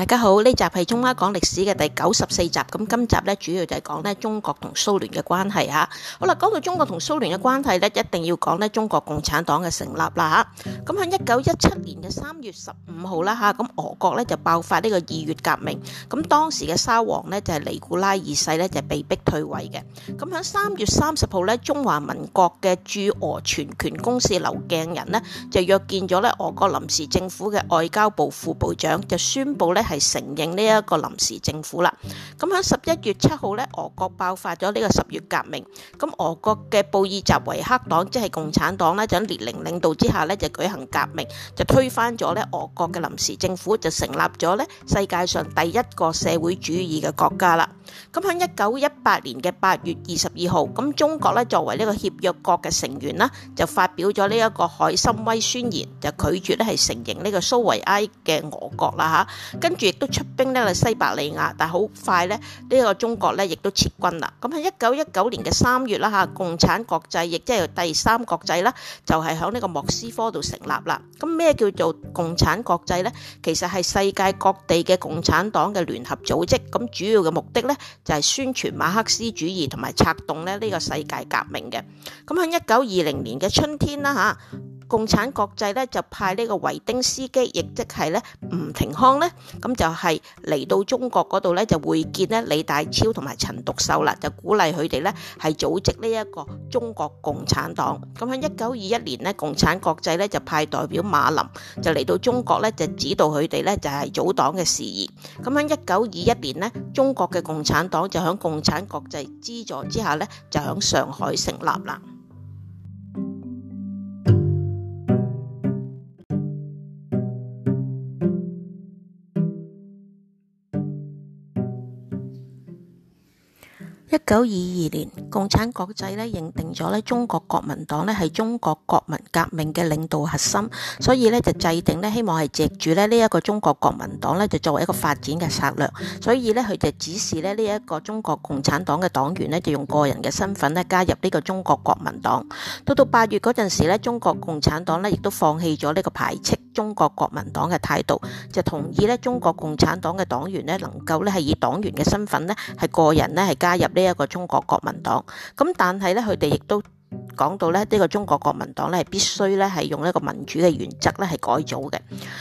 大家好，呢集係《中阿講歷史》嘅第九十四集，咁今集咧主要就係講咧中國同蘇聯嘅關係吓。好啦，講到中國同蘇聯嘅關係咧，一定要講咧中國共產黨嘅成立啦吓。咁喺一九一七年嘅三月十五號啦吓，咁俄國咧就爆發呢個二月革命，咁當時嘅沙皇呢，就係尼古拉二世咧就被逼退位嘅。咁喺三月三十號咧，中華民國嘅駐俄全權公使劉鏡人呢，就約見咗咧俄國臨時政府嘅外交部副部長，就宣布咧。係承認呢一個臨時政府啦。咁喺十一月七號呢，俄國爆發咗呢個十月革命。咁俄國嘅布爾什維克黨即係共產黨呢就喺列寧領導之下呢就舉行革命，就推翻咗呢俄國嘅臨時政府，就成立咗呢世界上第一個社會主義嘅國家啦。咁喺一九一八年嘅八月二十二號，咁中國呢作為呢個協約國嘅成員啦，就發表咗呢一個海參崴宣言，就拒絕呢係承認呢個蘇維埃嘅俄國啦嚇，跟，亦都出兵咧西伯利亞，但好快呢，呢、呢個中國呢，亦都撤軍啦。咁喺一九一九年嘅三月啦嚇，共產國際亦即係第三國際啦，就係喺呢個莫斯科度成立啦。咁咩叫做共產國際呢？其實係世界各地嘅共產黨嘅聯合組織。咁主要嘅目的呢，就係宣傳馬克思主義同埋策動咧呢個世界革命嘅。咁喺一九二零年嘅春天啦嚇。共產國際咧就派呢個維丁斯基，亦即係咧吳廷康咧，咁就係嚟到中國嗰度咧就會見咧李大釗同埋陳獨秀啦，就鼓勵佢哋咧係組織呢一個中國共產黨。咁喺一九二一年咧，共產國際咧就派代表馬林就嚟到中國咧就指導佢哋咧就係組黨嘅事宜。咁喺一九二一年咧，中國嘅共產黨就喺共產國際資助之下咧就喺上海成立啦。一九二二年，共產國際咧認定咗咧中國國民黨咧係中國國民革命嘅領導核心，所以咧就制定咧希望係藉住咧呢一個中國國民黨咧就作為一個發展嘅策略，所以咧佢就指示咧呢一個中國共產黨嘅黨員咧就用個人嘅身份咧加入呢個中國國民黨。到到八月嗰陣時咧，中國共產黨咧亦都放棄咗呢個排斥。中國國民黨嘅態度就同意咧，中國共產黨嘅黨員咧能夠咧係以黨員嘅身份咧係個人咧係加入呢一個中國國民黨，咁但係咧佢哋亦都。講到咧，呢個中國國民黨咧係必須咧係用呢個民主嘅原則咧係改組嘅。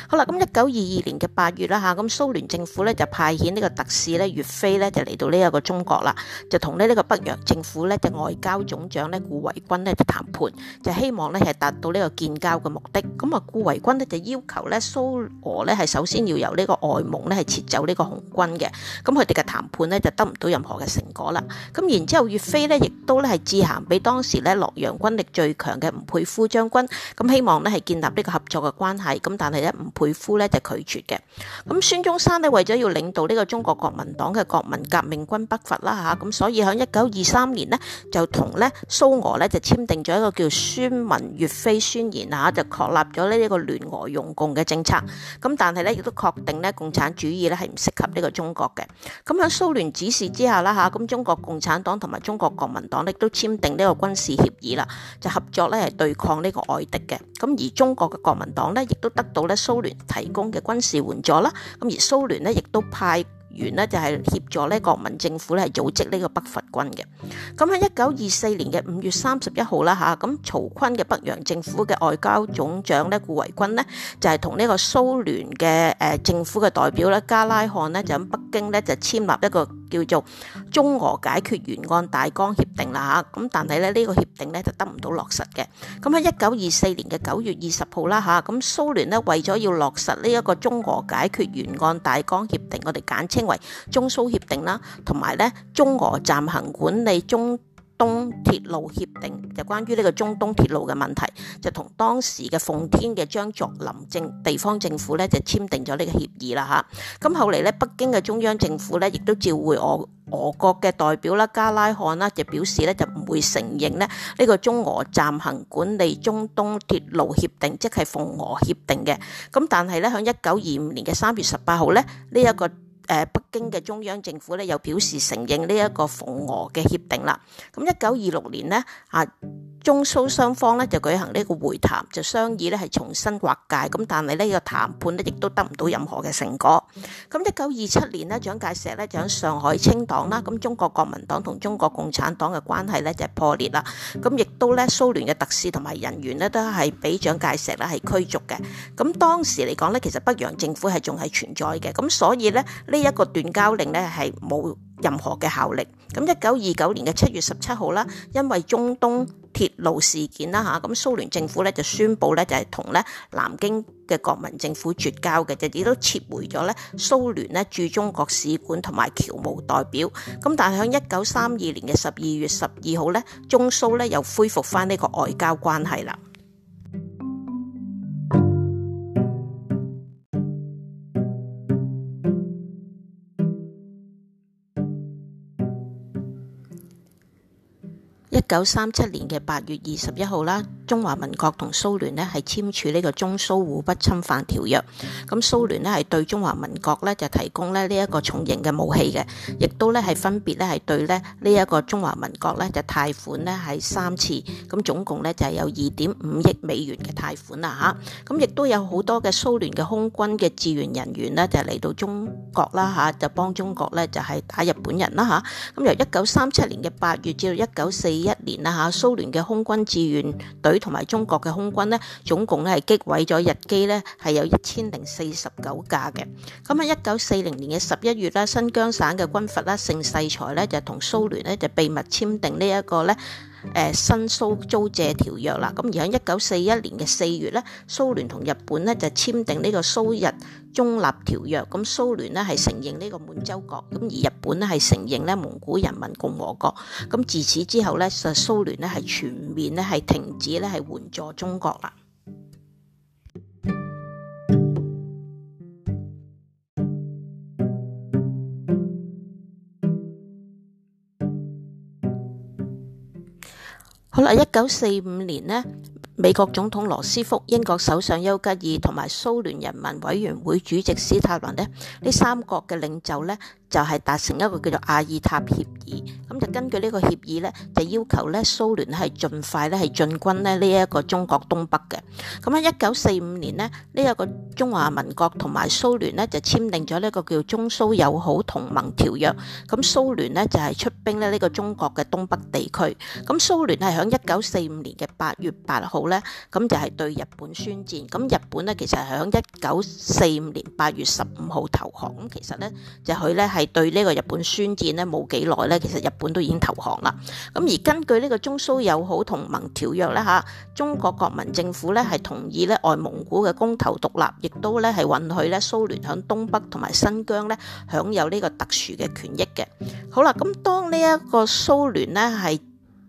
好啦，咁一九二二年嘅八月啦嚇，咁蘇聯政府咧就派遣呢個特使咧，岳飛咧就嚟到呢一個中國啦，就同呢呢個北洋政府咧嘅外交總長咧顧維軍咧談判，就希望咧係達到呢個建交嘅目的。咁啊，顧維軍呢就要求咧蘇俄咧係首先要由呢個外蒙咧係撤走呢個紅軍嘅。咁佢哋嘅談判咧就得唔到任何嘅成果啦。咁然之後，岳飛呢亦都咧係致函俾當時咧諾，軍力最強嘅吳佩孚將軍，咁希望呢係建立呢個合作嘅關係，咁但係呢吳佩孚呢就拒絕嘅。咁孫中山呢，為咗要領導呢個中國國民黨嘅國民革命軍北伐啦吓，咁所以喺一九二三年呢，就同呢蘇俄呢，就簽訂咗一個叫《孫文越飛宣言》嚇，就確立咗呢一個聯俄容共嘅政策。咁但係呢，亦都確定呢共產主義呢係唔適合呢個中國嘅。咁喺蘇聯指示之下啦吓，咁中國共產黨同埋中國國民黨亦都簽訂呢個軍事協議。就合作咧，係對抗呢個外敵嘅。咁而中國嘅國民黨咧，亦都得到咧蘇聯提供嘅軍事援助啦。咁而蘇聯咧，亦都派。員呢就係協助呢國民政府咧組織呢個北伐軍嘅。咁喺一九二四年嘅五月三十一號啦嚇，咁曹錕嘅北洋政府嘅外交總長呢，顧維鈞呢，就係同呢個蘇聯嘅誒政府嘅代表咧加拉罕呢，就喺北京呢，就簽立一個叫做中俄解決懸案大綱協定啦嚇。咁但係咧呢個協定呢，就得唔到落實嘅。咁喺一九二四年嘅九月二十號啦嚇，咁蘇聯呢，為咗要落實呢、這、一個中俄解決懸案大綱協定，我哋簡稱。稱為中蘇協定啦，同埋咧中俄暫行管理中東鐵路協定，就關於呢個中東鐵路嘅問題，就同當時嘅奉天嘅張作霖政地方政府咧就簽訂咗呢個協議啦。吓咁後嚟咧，北京嘅中央政府咧亦都召回俄俄國嘅代表啦，加拉罕啦，就表示咧就唔會承認咧呢個中俄暫行管理中東鐵路協定，即係奉俄協定嘅。咁但係咧，喺一九二五年嘅三月十八號咧呢一個。北京嘅中央政府咧又表示承認呢一個奉俄嘅協定啦。咁一九二六年呢。啊。中蘇雙方咧就舉行呢個會談，就商議咧係重新劃界咁，但係呢個談判咧亦都得唔到任何嘅成果。咁一九二七年咧，蔣介石咧就喺上海清黨啦，咁中國國民黨同中國共產黨嘅關係咧就破裂啦。咁亦都咧，蘇聯嘅特使同埋人員呢，都係俾蔣介石啦係驅逐嘅。咁當時嚟講咧，其實北洋政府係仲係存在嘅，咁所以咧呢一個斷交令咧係冇任何嘅效力，咁一九二九年嘅七月十七號啦，因為中東鐵路事件啦吓，咁蘇聯政府咧就宣布咧就係同咧南京嘅國民政府絕交嘅，就亦都撤回咗咧蘇聯咧駐中國使館同埋僑務代表，咁但係喺一九三二年嘅十二月十二號咧，中蘇咧又恢復翻呢個外交關係啦。一九三七年嘅八月二十一號啦，中華民國同蘇聯咧係簽署呢個中蘇互不侵犯條約。咁蘇聯咧係對中華民國呢就提供咧呢一個重型嘅武器嘅，亦都咧係分別咧係對咧呢一個中華民國咧就貸款呢係三次，咁總共咧就係有二點五億美元嘅貸款啦嚇。咁亦都有好多嘅蘇聯嘅空軍嘅志願人員呢就嚟到中國啦嚇，就幫中國咧就係打日本人啦嚇。咁由一九三七年嘅八月至到一九四一年啦吓，蘇聯嘅空軍志願隊同埋中國嘅空軍咧，總共係擊毀咗日機咧，係有一千零四十九架嘅。咁啊，一九四零年嘅十一月啦，新疆省嘅軍閥啦，盛世才咧就同蘇聯咧就秘密簽訂呢一個咧。誒新蘇租借條約啦，咁而喺一九四一年嘅四月咧，蘇聯同日本咧就簽訂呢個蘇日中立條約，咁蘇聯呢係承認呢個滿洲國，咁而日本咧係承認咧蒙古人民共和國，咁自此之後咧，就蘇聯咧係全面咧係停止咧係援助中國啦。好啦，一九四五年呢，美國總統羅斯福、英國首相丘吉爾同埋蘇聯人民委員會主席史太林呢，呢三國嘅領袖呢，就係、是、達成一個叫做《雅爾塔協議》。咁就根據呢個協議咧，就要求咧蘇聯係盡快咧係進軍呢一個中國東北嘅。咁喺一九四五年呢，呢一個中華民國同埋蘇聯呢，就簽訂咗呢個叫《中蘇友好同盟條約》。咁蘇聯呢，就係出兵呢個中國嘅東北地區。咁蘇聯係喺一九四五年嘅八月八號咧，咁就係對日本宣戰。咁日本呢，其實係響一九四五年八月十五號投降。咁其實呢，就佢咧係對呢個日本宣戰呢冇幾耐呢。其實日本都已經投降啦。咁而根據呢個中蘇友好同盟條約咧嚇，中國國民政府咧係同意咧外蒙古嘅公投獨立，亦都咧係允許咧蘇聯響東北同埋新疆咧享有呢個特殊嘅權益嘅。好啦，咁當呢一個蘇聯呢係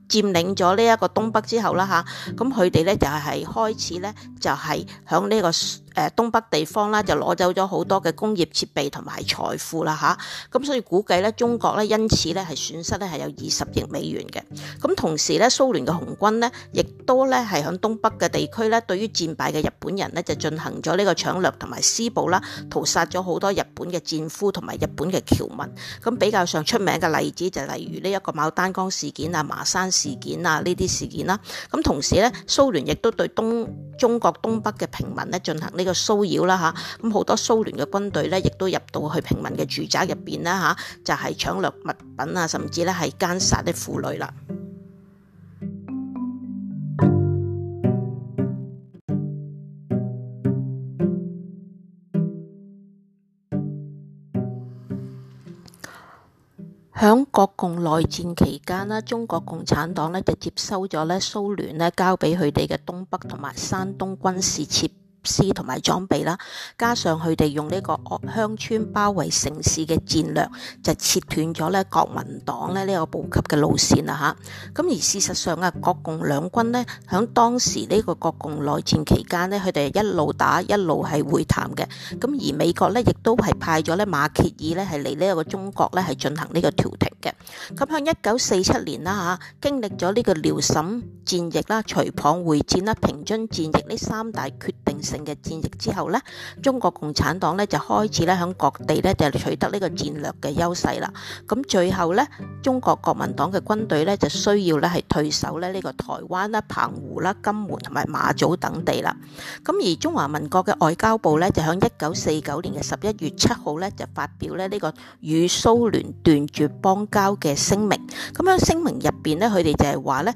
佔領咗呢一個東北之後啦嚇，咁佢哋咧就係開始咧就係響呢個。誒東北地方咧就攞走咗好多嘅工業設備同埋財富啦嚇，咁所以估計咧中國咧因此咧係損失咧係有二十億美元嘅，咁同時咧蘇聯嘅紅軍咧亦都咧係響東北嘅地區咧對於戰敗嘅日本人咧就進行咗呢個搶掠同埋施暴啦，屠殺咗好多日本嘅戰俘同埋日本嘅僑民，咁比較上出名嘅例子就例如呢一個牡丹江事件啊、麻山事件啊呢啲事件啦，咁同時咧蘇聯亦都對東中國東北嘅平民咧進行。呢個騷擾啦嚇，咁好多蘇聯嘅軍隊咧，亦都入到去平民嘅住宅入邊啦嚇，就係搶掠物品啊，甚至咧係奸殺啲婦女啦。喺國共內戰期間啦，中國共產黨咧就接收咗咧蘇聯咧交俾佢哋嘅東北同埋山東軍事設。同埋裝備啦，加上佢哋用呢個鄉村包圍城市嘅戰略，就切斷咗咧國民黨咧呢個補給嘅路線啦吓，咁而事實上啊，國共兩軍咧響當時呢個國共內戰期間咧，佢哋一路打一路係會談嘅。咁而美國咧亦都係派咗咧馬歇爾咧係嚟呢個中國咧係進行呢個調停嘅。咁喺一九四七年啦吓經歷咗呢個遼瀋戰役啦、徐蚌會戰啦、平津戰役呢三大決定性。嘅戰役之後呢，中國共產黨呢就開始咧響各地咧就取得呢個戰略嘅優勢啦。咁最後呢，中國國民黨嘅軍隊呢就需要咧係退守咧呢個台灣啦、澎湖啦、金門同埋馬祖等地啦。咁而中華民國嘅外交部呢，就響一九四九年嘅十一月七號呢就發表呢呢個與蘇聯斷絕邦交嘅聲明。咁樣聲明入邊呢，佢哋就係話呢。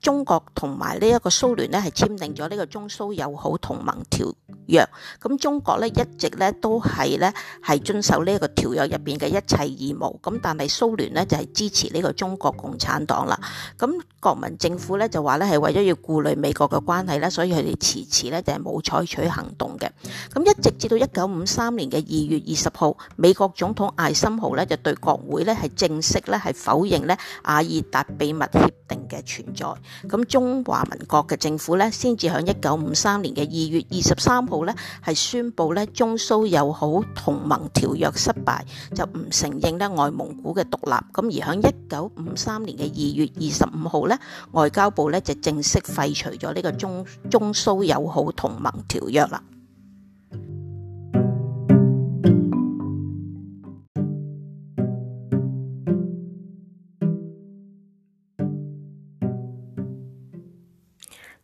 中國同埋呢一個蘇聯咧，係簽訂咗呢個中蘇友好同盟條約。咁中國咧一直咧都係咧係遵守呢一個條約入邊嘅一切義務。咁但係蘇聯咧就係支持呢個中國共產黨啦。咁國民政府咧就話咧係為咗要顧慮美國嘅關係咧，所以佢哋遲遲咧就係冇採取行動嘅。咁一直至到一九五三年嘅二月二十號，美國總統艾森豪咧就對國會咧係正式咧係否認咧亞爾達秘密協定嘅存在。咁中華民國嘅政府呢，先至喺一九五三年嘅二月二十三號呢，係宣布呢中蘇友好同盟條約失敗，就唔承認呢外蒙古嘅獨立。咁而喺一九五三年嘅二月二十五號呢，外交部呢，就正式廢除咗呢個中中蘇友好同盟條約啦。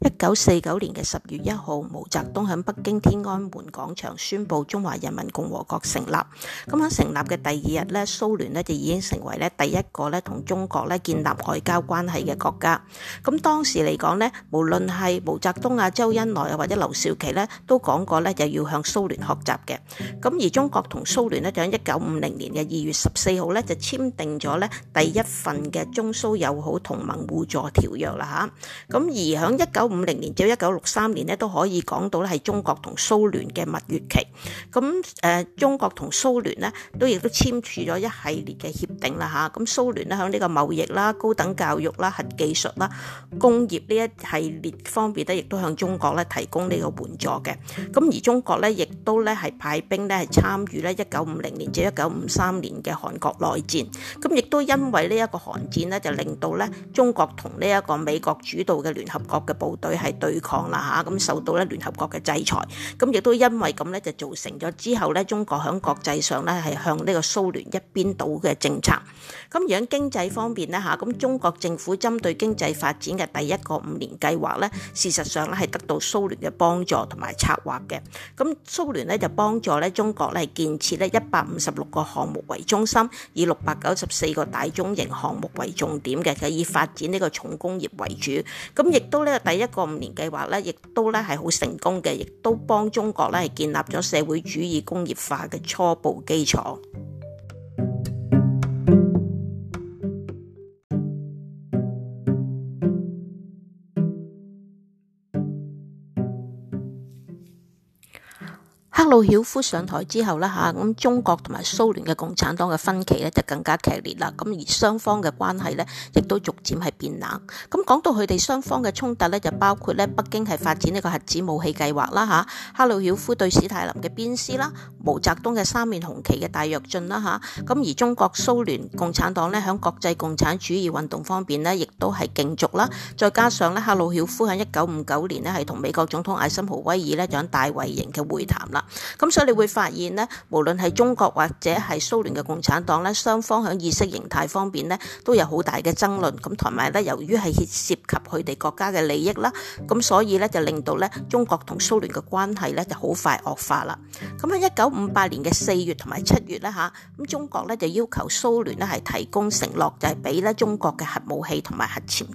一九四九年嘅十月一號，毛澤東響北京天安門廣場宣布中華人民共和國成立。咁喺成立嘅第二日呢，蘇聯呢就已經成為呢第一個呢同中國呢建立外交關係嘅國家。咁當時嚟講呢，無論係毛澤東啊、周恩來啊或者劉少奇呢都講過呢，就要向蘇聯學習嘅。咁而中國同蘇聯呢，就喺一九五零年嘅二月十四號呢，就簽訂咗呢第一份嘅中蘇友好同盟互助條約啦吓。咁而響一九五零年至一九六三年咧，都可以講到咧係中國同蘇聯嘅蜜月期。咁誒，中國同蘇聯咧都亦都簽署咗一系列嘅協定啦嚇。咁蘇聯咧喺呢個貿易啦、高等教育啦、核技術啦、工業呢一系列方面咧，亦都向中國咧提供呢個援助嘅。咁而中國呢亦都咧係派兵咧係參與咧一九五零年至一九五三年嘅韓國內戰。咁亦都因為呢一個韓戰呢就令到呢中國同呢一個美國主導嘅聯合國嘅部。對係對抗啦吓，咁受到咧聯合國嘅制裁，咁亦都因為咁呢就造成咗之後呢，中國喺國際上呢係向呢個蘇聯一邊倒嘅政策。咁樣經濟方面呢，吓，咁中國政府針對經濟發展嘅第一個五年計劃呢，事實上呢係得到蘇聯嘅幫助同埋策劃嘅。咁蘇聯呢就幫助呢中國咧建設呢一百五十六個項目為中心，以六百九十四個大中型項目為重點嘅，就以發展呢個重工業為主。咁亦都呢第一。一個五年計劃咧，亦都咧係好成功嘅，亦都幫中國咧係建立咗社會主義工業化嘅初步基礎。克魯曉夫上台之後咧嚇，咁中國同埋蘇聯嘅共產黨嘅分歧咧就更加劇烈啦。咁而雙方嘅關係咧，亦都逐漸係變冷。咁講到佢哋雙方嘅衝突咧，就包括咧北京係發展呢個核子武器計劃啦嚇。克魯曉夫對史泰林嘅鞭屍啦，毛澤東嘅三面紅旗嘅大躍進啦嚇。咁而中國蘇聯共產黨咧喺國際共產主義運動方面咧，亦都係競逐啦。再加上咧克魯曉夫喺一九五九年咧係同美國總統艾森豪威爾咧就大衛營嘅會談啦。咁所以你會發現咧，無論係中國或者係蘇聯嘅共產黨咧，雙方響意識形態方面咧都有好大嘅爭論，咁同埋咧，由於係涉及佢哋國家嘅利益啦，咁所以咧就令到咧中國同蘇聯嘅關係咧就好快惡化啦。咁喺一九五八年嘅四月同埋七月啦吓，咁中國咧就要求蘇聯呢係提供承諾，就係俾咧中國嘅核武器同埋核潛艇。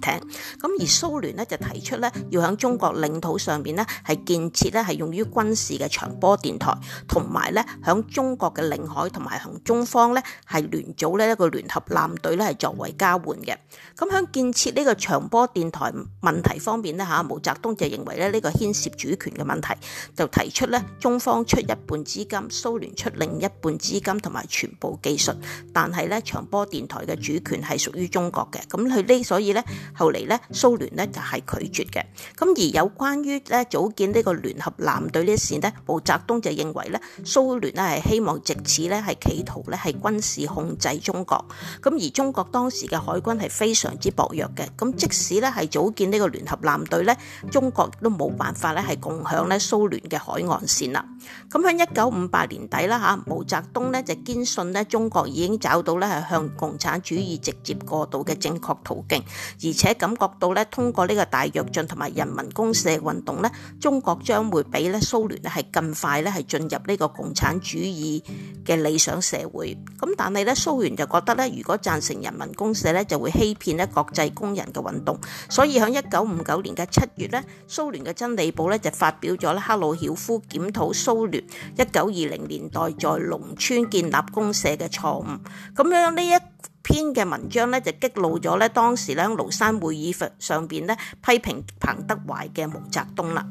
咁而蘇聯呢就提出咧要喺中國領土上面呢係建設咧係用於軍事嘅長波電台同埋咧，響中國嘅領海同埋同中方咧，係聯組呢一個聯合艦隊咧，係作為交換嘅。咁響建設呢個長波電台問題方面咧，吓毛澤東就認為咧呢個牽涉主權嘅問題，就提出咧中方出一半資金，蘇聯出另一半資金同埋全部技術。但係咧長波電台嘅主權係屬於中國嘅。咁佢呢，所以咧後嚟咧蘇聯咧就係拒絕嘅。咁而有關於咧組建呢個聯合艦隊呢一事咧，毛澤東就認為咧，蘇聯咧係希望藉此咧係企圖咧係軍事控制中國，咁而中國當時嘅海軍係非常之薄弱嘅，咁即使咧係組建呢個聯合艦隊咧，中國都冇辦法咧係共享咧蘇聯嘅海岸線啦。咁喺一九五八年底啦嚇，毛澤東咧就堅信咧中國已經找到咧係向共產主義直接過渡嘅正確途徑，而且感覺到咧通過呢個大躍進同埋人民公社運動咧，中國將會比咧蘇聯係更快咧。係進入呢個共產主義嘅理想社會，咁但係咧蘇聯就覺得咧，如果贊成人民公社咧，就會欺騙咧國際工人嘅運動，所以喺一九五九年嘅七月咧，蘇聯嘅真理報咧就發表咗咧赫魯曉夫檢討蘇聯一九二零年代在農村建立公社嘅錯誤，咁樣呢一篇嘅文章咧就激怒咗咧當時咧廬山會議上邊咧批評彭德懷嘅毛澤東啦。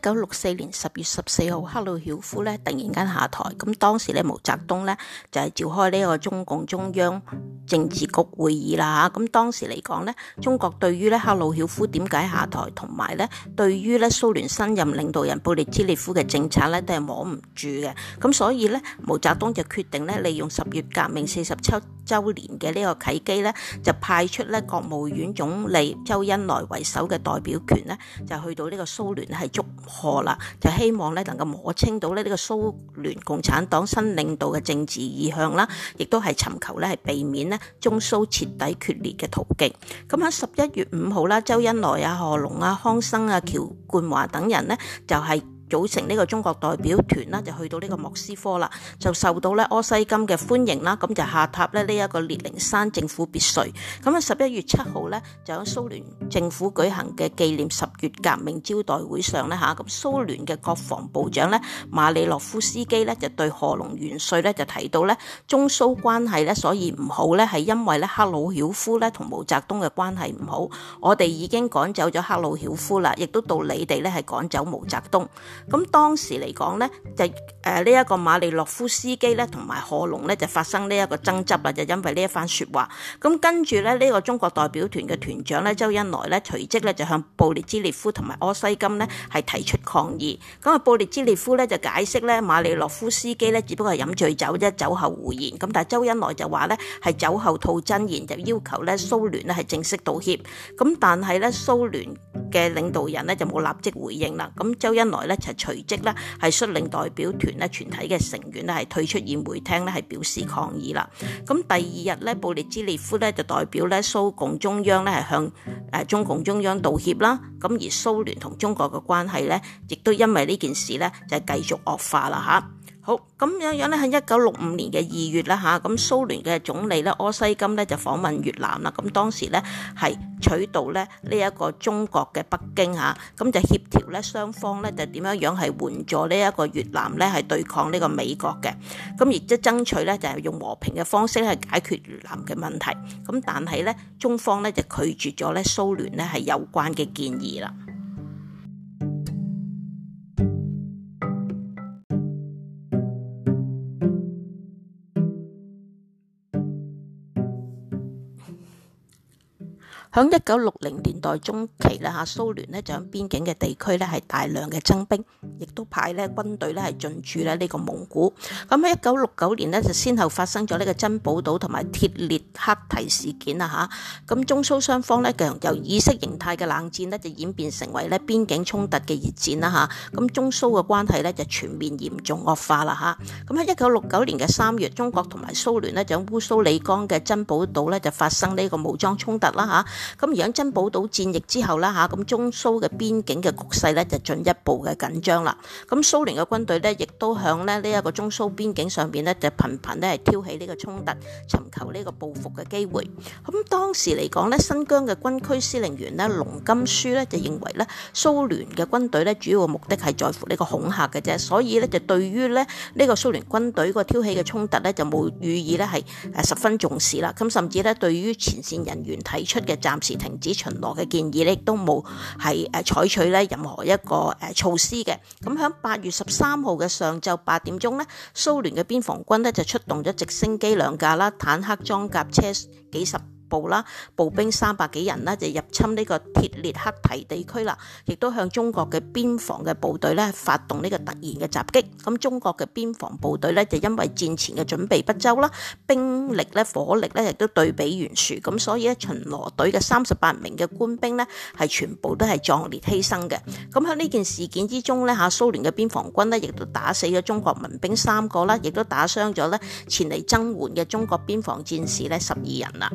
一九六四年十月十四號，赫魯曉夫咧突然間下台，咁當時咧毛澤東咧就係召開呢個中共中央政治局會議啦吓，咁當時嚟講咧，中國對於咧赫魯曉夫點解下台，同埋咧對於咧蘇聯新任領導人勃列日涅夫嘅政策咧都係摸唔住嘅，咁所以咧毛澤東就決定咧利用十月革命四十七周年嘅呢個契機咧，就派出咧國務院總理周恩來為首嘅代表權咧，就去到呢個蘇聯係捉。何啦？就希望咧，能夠摸清到呢個蘇聯共產黨新領導嘅政治意向啦，亦都係尋求咧係避免咧中蘇徹底決裂嘅途徑。咁喺十一月五號啦，周恩來啊、賀龍啊、康生啊、喬冠華等人咧就係、是，組成呢個中國代表團啦，就去到呢個莫斯科啦，就受到咧柯西金嘅歡迎啦。咁就下榻咧呢一個列寧山政府別墅。咁啊十一月七號呢，就喺蘇聯政府舉行嘅紀念十月革命招待會上呢嚇，咁蘇聯嘅國防部長呢馬里諾夫斯基呢，就對賀龍元帥呢，就提到呢中蘇關係呢。所以唔好呢，係因為呢赫魯曉夫呢同毛澤東嘅關係唔好，我哋已經趕走咗赫魯曉夫啦，亦都到你哋呢係趕走毛澤東。咁當時嚟講咧，就誒呢一個馬利洛夫斯基咧，同埋賀龍咧就發生呢一個爭執啦，就因為呢一番説話。咁跟住咧，呢個中國代表團嘅團長咧，周恩來咧，隨即咧就向布列茲列夫同埋柯西金咧係提出抗議。咁啊，布列茲列夫咧就解釋咧，馬利洛夫斯基咧只不過係飲醉酒啫，酒後胡言。咁但係周恩來就話咧係酒後吐真言，就要求咧蘇聯咧係正式道歉。咁但係咧蘇聯嘅領導人咧就冇立即回應啦。咁周恩來咧隨即咧係率領代表團咧全體嘅成員咧係退出宴會廳咧係表示抗議啦。咁第二日咧，布列茲列夫咧就代表咧蘇共中央咧係向誒中共中央道歉啦。咁而蘇聯同中國嘅關係咧，亦都因為呢件事咧就繼續惡化啦吓。好咁樣樣咧喺一九六五年嘅二月啦吓，咁蘇聯嘅總理咧柯西金咧就訪問越南啦，咁當時咧係取道咧呢一個中國嘅北京吓，咁就協調咧雙方咧就點樣樣係援助呢一個越南咧係對抗呢個美國嘅，咁亦即爭取咧就係用和平嘅方式去解決越南嘅問題，咁但係咧中方咧就拒絕咗咧蘇聯咧係有關嘅建議啦。喺一九六零年代中期咧，哈蘇聯咧就喺邊境嘅地區咧係大量嘅增兵。亦都派咧軍隊咧係進駐咧呢個蒙古。咁喺一九六九年呢，就先後發生咗呢個珍寶島同埋鐵列克提事件啦嚇。咁中蘇雙方咧由意識形態嘅冷戰呢，就演變成為咧邊境衝突嘅熱戰啦嚇。咁中蘇嘅關係呢，就全面嚴重惡化啦嚇。咁喺一九六九年嘅三月，中國同埋蘇聯呢，就喺烏蘇里江嘅珍寶島呢，就發生呢個武裝衝突啦嚇。咁而喺珍寶島戰役之後啦嚇，咁中蘇嘅邊境嘅局勢呢，就進一步嘅緊張啦。咁蘇聯嘅軍隊咧，亦都喺咧呢一個中蘇邊境上邊咧，就頻頻咧係挑起呢個衝突，尋求呢個報復嘅機會。咁當時嚟講咧，新疆嘅軍區司令員咧龍金書咧就認為咧，蘇聯嘅軍隊咧主要嘅目的係在乎呢個恐嚇嘅啫，所以咧就對於咧呢、這個蘇聯軍隊個挑起嘅衝突咧，就冇予以咧係誒十分重視啦。咁甚至咧對於前線人員提出嘅暫時停止巡邏嘅建議咧，亦都冇係誒採取咧任何一個誒、啊、措施嘅。咁喺八月十三號嘅上晝八點鐘，呢蘇聯嘅邊防軍呢就出動咗直升機兩架啦，坦克裝甲車幾十部啦，步兵三百幾人啦，就入侵呢個鐵列克提地區啦，亦都向中國嘅邊防嘅部隊咧發動呢個突然嘅襲擊。咁中國嘅邊防部隊咧就因為戰前嘅準備不周啦，兵力咧火力咧亦都對比懸殊，咁所以咧巡邏隊嘅三十八名嘅官兵呢，係全部都係壯烈犧牲嘅。咁喺呢件事件之中呢，嚇，蘇聯嘅邊防軍呢，亦都打死咗中國民兵三個啦，亦都打傷咗咧前嚟增援嘅中國邊防戰士呢十二人啦。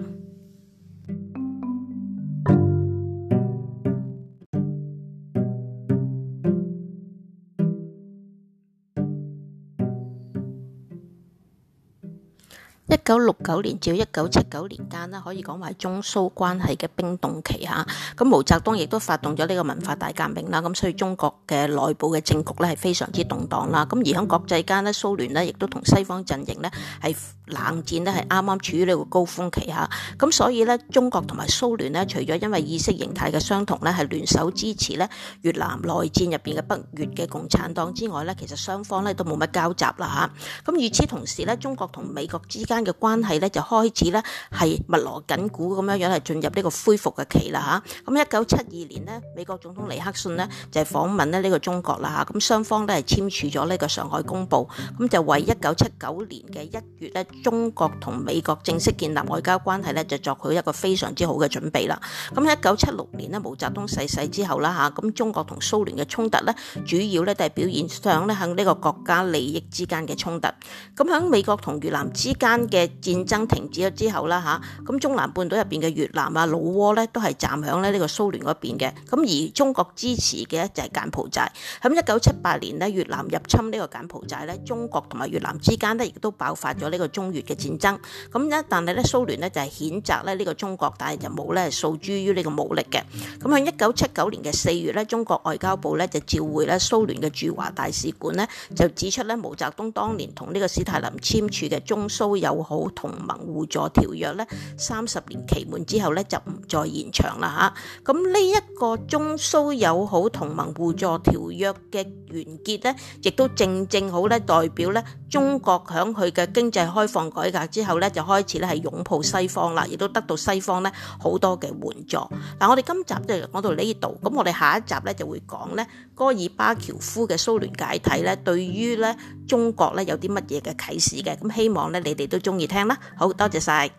一九六九年至一九七九年間咧，可以講係中蘇關係嘅冰凍期吓。咁毛澤東亦都發動咗呢個文化大革命啦，咁所以中國嘅內部嘅政局咧係非常之動盪啦。咁而喺國際間呢，蘇聯呢，亦都同西方陣營呢，係冷戰呢，係啱啱處於呢個高峰期吓。咁所以呢，中國同埋蘇聯呢，除咗因為意識形態嘅相同呢，係聯手支持呢越南內戰入邊嘅北越嘅共產黨之外呢，其實雙方呢，都冇乜交集啦吓。咁與此同時呢，中國同美國之間嘅關係咧就開始咧係密鑼緊鼓咁樣樣係進入呢個恢復嘅期啦吓，咁一九七二年呢，美國總統尼克遜呢，就訪問咧呢個中國啦吓，咁雙方都係簽署咗呢個上海公報，咁就為一九七九年嘅一月咧中國同美國正式建立外交關係咧就作好一個非常之好嘅準備啦。咁一九七六年呢，毛澤東逝世之後啦吓，咁中國同蘇聯嘅衝突咧主要咧都係表現上咧響呢個國家利益之間嘅衝突。咁響美國同越南之間。嘅戰爭停止咗之後啦嚇，咁中南半島入邊嘅越南啊、老撾咧都係站響咧呢個蘇聯嗰邊嘅，咁而中國支持嘅就係柬埔寨。咁一九七八年呢，越南入侵呢個柬埔寨咧，中國同埋越南之間呢，亦都爆發咗呢個中越嘅戰爭。咁一但係咧，蘇聯呢，就係譴責咧呢個中國，但係就冇咧訴諸於呢個武力嘅。咁喺一九七九年嘅四月咧，中國外交部咧就召會咧蘇聯嘅駐華大使館咧，就指出咧毛澤東當年同呢個史泰林簽署嘅中蘇友。友好同盟互助條約咧，三十年期滿之後咧就唔再延長啦吓。咁呢一個中蘇友好同盟互助條約嘅。完結咧，亦都正正好咧，代表咧中國喺佢嘅經濟開放改革之後咧，就開始咧係擁抱西方啦，亦都得到西方咧好多嘅援助。嗱，我哋今集就講到呢度，咁我哋下一集咧就會講咧戈爾巴喬夫嘅蘇聯解體咧，對於咧中國咧有啲乜嘢嘅啟示嘅，咁希望咧你哋都中意聽啦。好多謝晒。